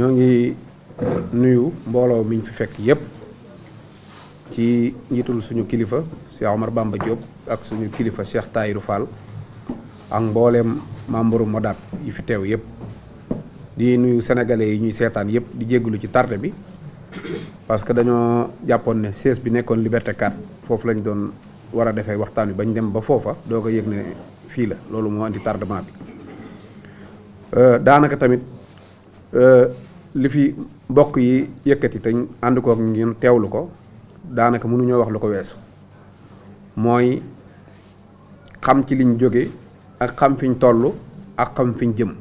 ñoo ngi euh, nuyu mbolo miñ fi fekk yépp ci ñitul suñu kilifa cheikh omar bamba diop ak suñu kilifa cheikh tayru fall ak mbolem membre modat yi fi tew yépp di nuyu sénégalais yi ñuy seetaan yépp di jégglu ci tarde bi parce que dañoo jàppoon ne siège bi nekkoon liberté 4 fofu lañ doon wara a waxtaan file bañ dem ba fofa doo ko yëg la lolu mo andi tardement bi euh, danaka tamit euh, li fi mbokk yi yëkkati te ànd koog ngeen teewlu ko daanaka mënuñoo wax lu ko weesu mooy xam ci liñ jóge ak xam fiñ tollu ak xam fiñ jëm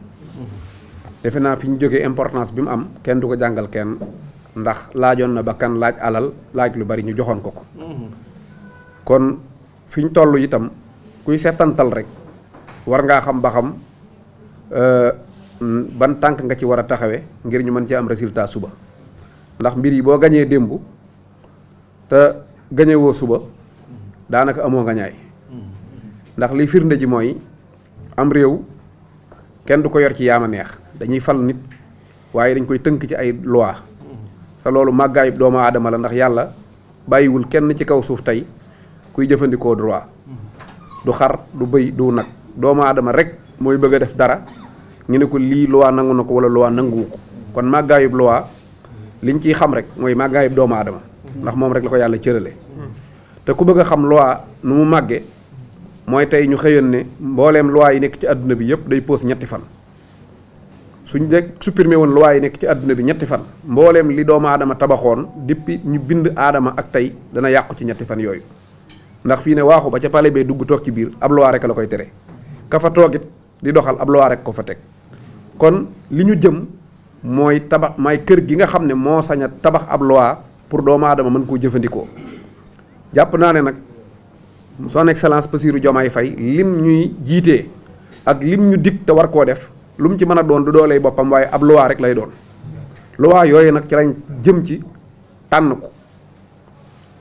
defe naa importance bi am kenn du ko jàngal kenn ndax laajoon na ba kan alal laaj lu bari ñu joxoon ko kon fiñ tollu itam kuy seetantal rek war ngaa xam ba xam euh, ban tank nga ci wara taxawé ngir ñu mën ci am résultat suba ndax mbir yi bo gagné dembu te gagné wo suba danaka amo nga ñaay ndax li firnde ji moy am rew kenn du ko yor ci yama neex dañuy fal nit waye dañ koy teunk ci ay loi lolu loolu do ma adama la ndax yalla bayiwul kenn ci kaw suuf tay kuy jëfëndiko droit du xar du bëy du do ma adama rek moy bëgg def dara ñu ne ko li loi nangu na ko wala loi nangu ko kon gayib loi liñ ciy xam rek ma gayib doomu aadama ndax mom rek la ko yàlla te ku bëgg xam loi nu mu maggé moy tay ñu xëyoon ne mbooleem loi yi nek ci aduna bi yépp day pose ñetti fan suñ de supprimer won loi yi nek ci aduna bi ñetti fan mbooleem li doomu aadama tabaxoon dippi ñu bind aadama ak tay dana yaq ci ñetti fan yooyu ndax fi ne waxu ba ca palé bé dugg tok ci biir ab loi rek la koy téré ka fa togit di doxal ab loi rek ko fa tek kon li ñu jëm mooy tabax mooy kër gi nga xam ne moo sañ tabax ab loi pour doomu aadama mën koo jëfandikoo jàpp naa ne nag son excellence Bassirou Diomaye fay lim ñuy jiitee ak lim ñu dikk te war koo def lu mu ci mën a doon du dooley boppam waaye ab loi rek lay doon loi yooyu nag ci lañ jëm ci tànn ko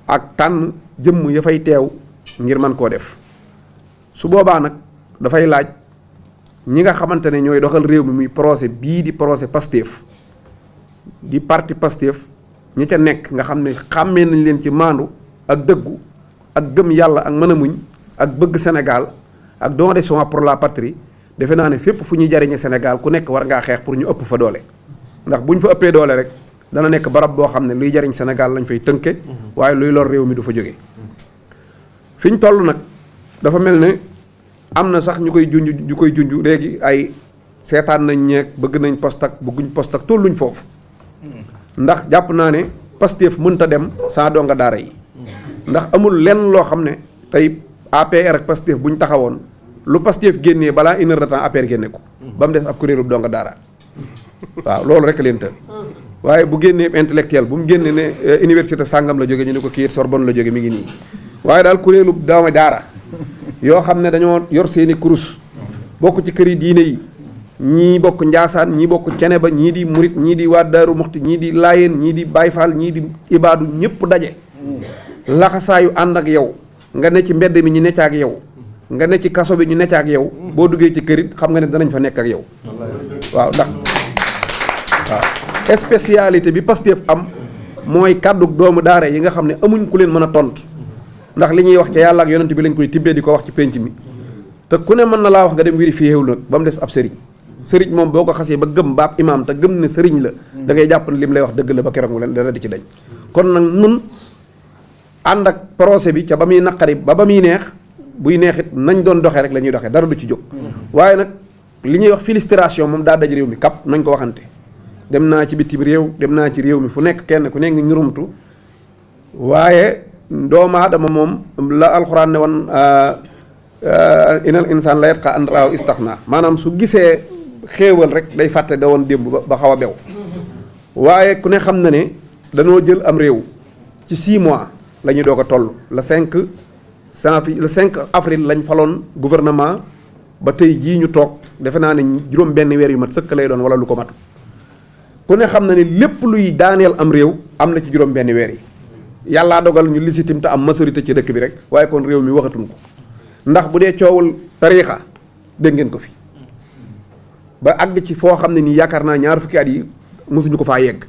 ak tànn jëmm ya fay teew ngir mën koo def su boobaa nag dafay laaj ñi nga xamante ne ñooy doxal réew mi muy procès bii di procès Pastef di parti Pastef ñi ca nekk nga xam ne xàmmee nañ leen ci maandu ak dëggu ak gëm yàlla ak mën a muñ ak bëgg Sénégal ak doo de soi pour la patrie defe naa ne fépp fu ñuy jariñe Sénégal ku nekk war ngaa xeex pour ñu ëpp fa doole ndax bu ñu fa ëppee doole rek dana nekk barab boo xam ne luy jariñ Sénégal lañ fay tënke waaye luy lor réew mi du fa jóge fi ñu toll nag dafa mel ne amna sax ñukoy junju ñukoy junju legi ay seetaan nañ ñek bëgg nañ post ak bëgguñ post ak tolluñ fofu hmm. ndax japp na né pastef mënta dem do nga daara yi hmm. ndax amul lenn lo xamné tay APR ak pastef buñ taxawon lu pastef génné bala une heure de temps APR génné ko hmm. bam dess des ab do nga daara waaw loolu rek leen tën waye bu génné intellectuel bu mu génné né euh, université sangam la joggé ñu ko kiir Sorbonne la joggé mi ngi nii waaye daal kuréelu daama daara yoo xam ne dañoo yor seeni kurus bokk ci kër yi diine yi ñii bokk njaasaan ñii bokk cene ba ñii di murit ñii di waa daaru muxti ñii di laayeen ñii di bayfaal ñii di ibaadu ñëpp daje laxasaayu ànd ak yow nga ne ci mbedd mi ñu necc ak yow nga ne ci kaso bi ñu necc ak yow boo duggee ci kërit xam nga ne danañ fa nekk ak yow waaw ndax waaw spécialité bi Pastef am mooy kàddu doomu daara yi nga xam ne amuñ ku leen mën a tontu. ndax li ñuy wax ca yàlla ak yonent bi lañ koy tibbee di ko wax ci penc mi te ku ne mën na laa wax nga dem nag ba mu des ab sëriñ sëriñ moom boo ko xasee ba gëm baab imam te gëm ne sëriñ la da ngay jàpp ne lim lay wax dëgg la ba keroog dara di ci dañ kon nag nun ànd ak procès bi ca ba muy naqari ba ba muy neex buy neexit nañ doon doxee rek la ñuy doxee dara du ci jóg waaye nag li ñuy wax filistration moom daa daj réew mi kap nañ ko waxante dem naa ci bitim réew dem naa ci réew mi fu nekk kenn ku nekk ngi ñurumtu waaye doomu aadama moom la alxuraan ne woon ah, ah, inal insaan la yatqa an raaw istaxna maanaam su gisee xéewal rek day fàtte da woon démb ba xaw a bew waaye ku ne xam na ne danoo jël am réew ci 6 mois lañuy ñuy doog a toll cinq 5 janvier le 5 avril lañ faloon gouvernement ba tey jii ñu toog defe naa ne juróom benn weer yu mat sëkk lay doon wala lu ko mat ku ne xam na ne lépp luy daaneel am réew am na ci juróom benn weer yi yàlla dogal ñu légitime te am majorité ci dëkk bi rek waaye kon réew mi waxatuñ ko ndax bu dee coowul tariixa dégg ngeen ko fi ba àgg ci foo xam ne nii yaakaar naa ñaar fukki at yi mosuñu ko faa yegg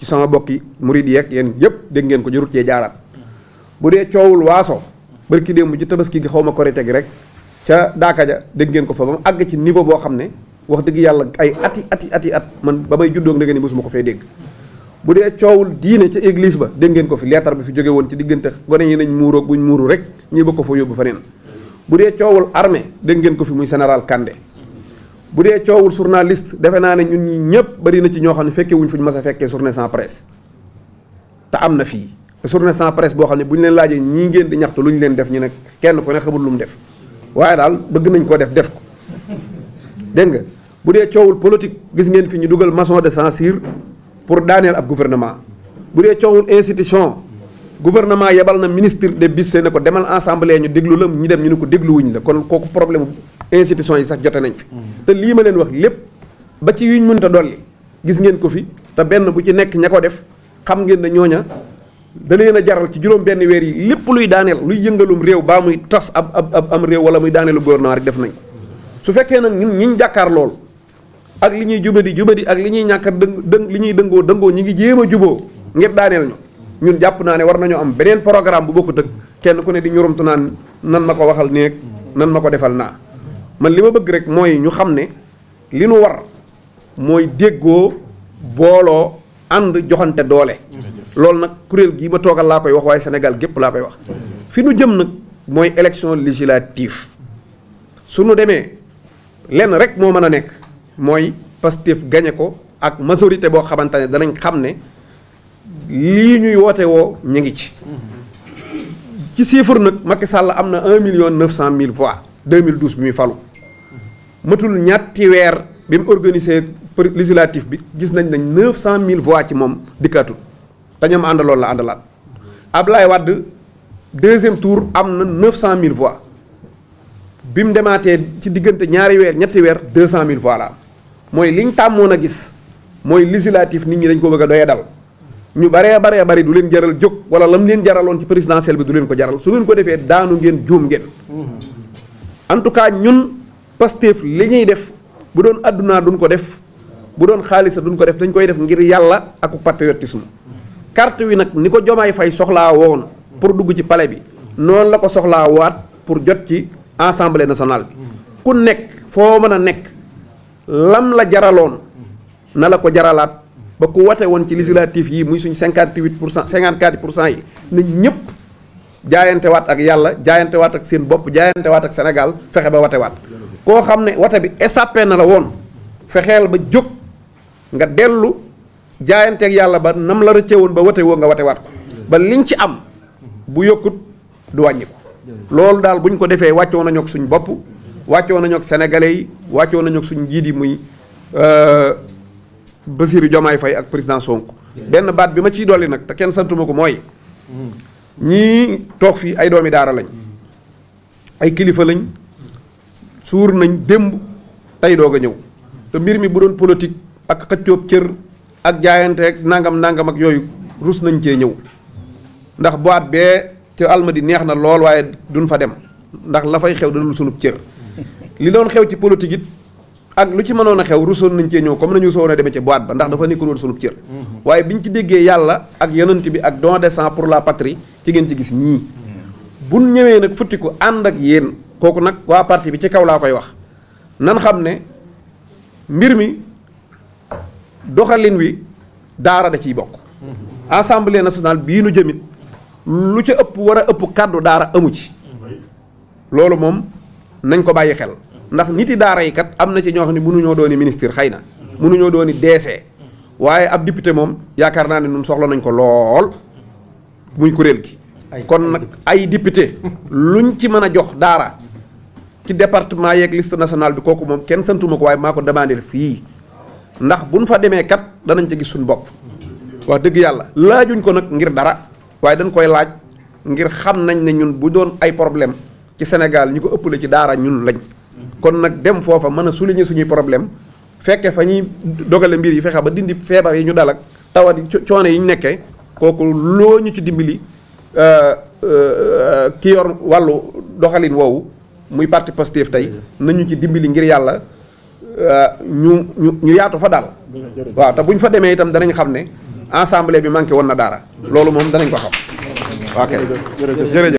ci sama bokki murid yeeg yéen yëpp dégg ngeen ko jërut cee jaaraat bu dee coowul waaso barki démb ci tabaski gi xaw ma korite gi rek ca daaka ja dégg ngeen ko fa ba mu àgg ci niveau boo xam ne wax dëgg yàlla ay ati ati ati at man ba may juddoo nga ni mosuma ko fee dégg bu dee coowul diine ca église ba dégg ko fi leetar bi fi jóge woon ci diggante gone yi nañ muuroog buñ muuru rek ñii bëgg ko fa yóbbu feneen bu dee coowul armée dégg ngeen ko fi muy général kande bu dee coowul journaliste defe naa ne ñun ñi ñëpp bari na ci ñoo xam ne fekkee wuñ fuñ mas a fekkee journée sans presse te am na fii te journée sans presse boo xam ne bu ñu leen laajee ñii ngeen di ñaxtu lu ñu leen def ñu ne kenn ku ne xamul lu mu def waaye daal bëgg nañ koo def def ko dégg nga bu dee coowul politique gis ngeen fi ñu dugal maçon de censure pour daaneel ab gouvernement bu dee coowul institution gouvernement yebal na ministre de bis see ko demal assemblée ñu déglu la ñu dem ñu ne ko dégluwuñ la kon kooku problème institution yi sax jote nañ fi te lii ma leen wax lépp ba ci yuñ mënta dolli gis ngeen ko fi te benn bu ci nekk ña ko def xam ngeen ne ñooña da leen jaral ci juróom benn weer yi lépp luy daaneel luy yëngalum réew baa muy tos ab ab am réew wala muy daaneelu gouvernement def nañ su fekkee nag ñun ñiñ jàkkaar ak li ñuy di jubadi jubadi ak li ñuy ñàkk a dëng dëng li ñuy dëngoo dëngoo ñi ngi jéem a juboo ngir daaneel ñu ñun jàpp naa ne war nañoo am beneen programme bu bokkut ak kenn ku ne di ñurumtu naan nan ma ko waxal néeg nan ma ko defal naa man li ma bëgg rek mooy ñu xam ne li nu war mooy déggoo booloo ànd joxante doole loolu nag kuréel gii ma toogal laa koy wax waaye Sénégal gépp laa koy wax fi nu jëm nag mooy élection législative su nu demee lenn rek moo mën a nekk mooy Pastef gañe ko ak majorité boo xamante ne danañ xam ne lii ñuy woote woo ñu ngi ci. ci chiffre nag Macky Sall am na 1 million cent mille voix 2012 bi muy falu matul ñatti weer bi mu organisé bi gis nañ nañ cent mille voix ci moom dikkaatul te ñoom àndaloon la àndalaat Ablaye Wade deuxième tour am na cent mille voix bi mu demaatee ci diggante ñaari weer ñetti weer cent mille voix la Moy liñ tàmmoon a gis moy législatif nit ñi dañ ko bëgg doya dal ñu bare bare bare du leen jaral jog wala lam leen jaraloon ci présidentiel bi du leen ko jaral su ngeen ko defé daanu ngeen joom ngeen en tout cas ñun pastef li ñuy def bu doon aduna duñ ko def bu doon xaalisa duñ ko def dañ koy def ngir yalla ak patriotisme carte wi nak niko jomay fay soxla woon pour dugg ci palais bi non la ko soxla waat pour jot ci assemblée nationale ku nek fo meuna nek lam la jaraloon na la ko jaralaat ba ku wate woon ci législatif yi muy suñ 58 54 yi tewat ñëpp jaayante waat ak yàlla jaayante waat ak seen bopp jaayante waat ak Sénégal fexe ba wate waat koo xam ne wate bi SAP na la woon fexeel ba jóg nga dellu jaayante ak yàlla ba nam la rëcce woon ba wate woo nga wate waat ko ba liñ ci am bu yokkut du wàññi ko loolu daal buñ ko defee wàccoo nañu ak suñ bopp wàccoo nañu ak sénégalais wàccoo nañu ak suñu njiit yi muy euh, Bassirou jomaay fay ak président sonk benn baat bi ma ciy dolli nag te kenn santuma ko mooy ñii toog fii ay doomi daara lañ ay kilifa lañ suur nañ démb tey doog a ñëw te mbir mi bu doon politique ak xëccoob cër ak jaayante ak nangam nangam ak yooyu rus nañ cee ñëw ndax boîte bee ca di neex na lool waaye duñ fa dem ndax la fay xew da dul sunub cër li doon xew ci politique it ak lu ci mënoon a xew rusoon nañ cee ñëw comme nañu soo woon a demee ca boîte ba ndax dafa nekkul woon sunub cër mhm. waaye biñ ci déggee yàlla ak yonent bi ak don de sang pour la patrie ci ngeen ci gis ñii mhm. bu ñëwee nag futti ko ànd ak yéen kooku nag waa parti bi ci kaw laa koy wax nan xam ne mbir mi doxalin wi daara da ciy bokk mhm. assemblée nationale bii nu jëmit lu ca ëpp war a ëpp kàddu daara amu ci loolu moom nañ ko bàyyi xel ndax niti daara yi kat am na ci ñoo xam ne mënuñoo dooni ministre xay na doon i DC waaye ab député moom yaakaar naa ne ñun soxla nañ ko lool muy kuréel gi kon nag ay député luñ ci mën a jox daara ci departement yeeg liste nationale bi kooku moom kenn santuma ko waaye maa ko demandé fii ndax bu buñ fa demee kat danañ ci gis suñu bopp wax dëgg yàlla laajuñ ko nag ngir dara waaye dañ koy laaj ngir xam nañ ne ñun bu doon ay problème ci Sénégal ñi ko ëppale ci daara ñun lañ kon nag dem foofa mën a souligner suñuy problème fekke fa ñuy dogale mbir yi fexe ba dindi feebar yi ñu dal ak tawat coono yi ñu nekkee kooku loo ñu ci dimbali euh, euh, ki yor wàllu doxalin woowu muy parti Pastef tey nañu ci dimbili ngir yàlla euh, ñu ñu ñu yaatu fa daal. waaw te bu fa demee itam danañ xam ne. assemblée bi manqué woon na dara. loolu moom danañ ko xam. ok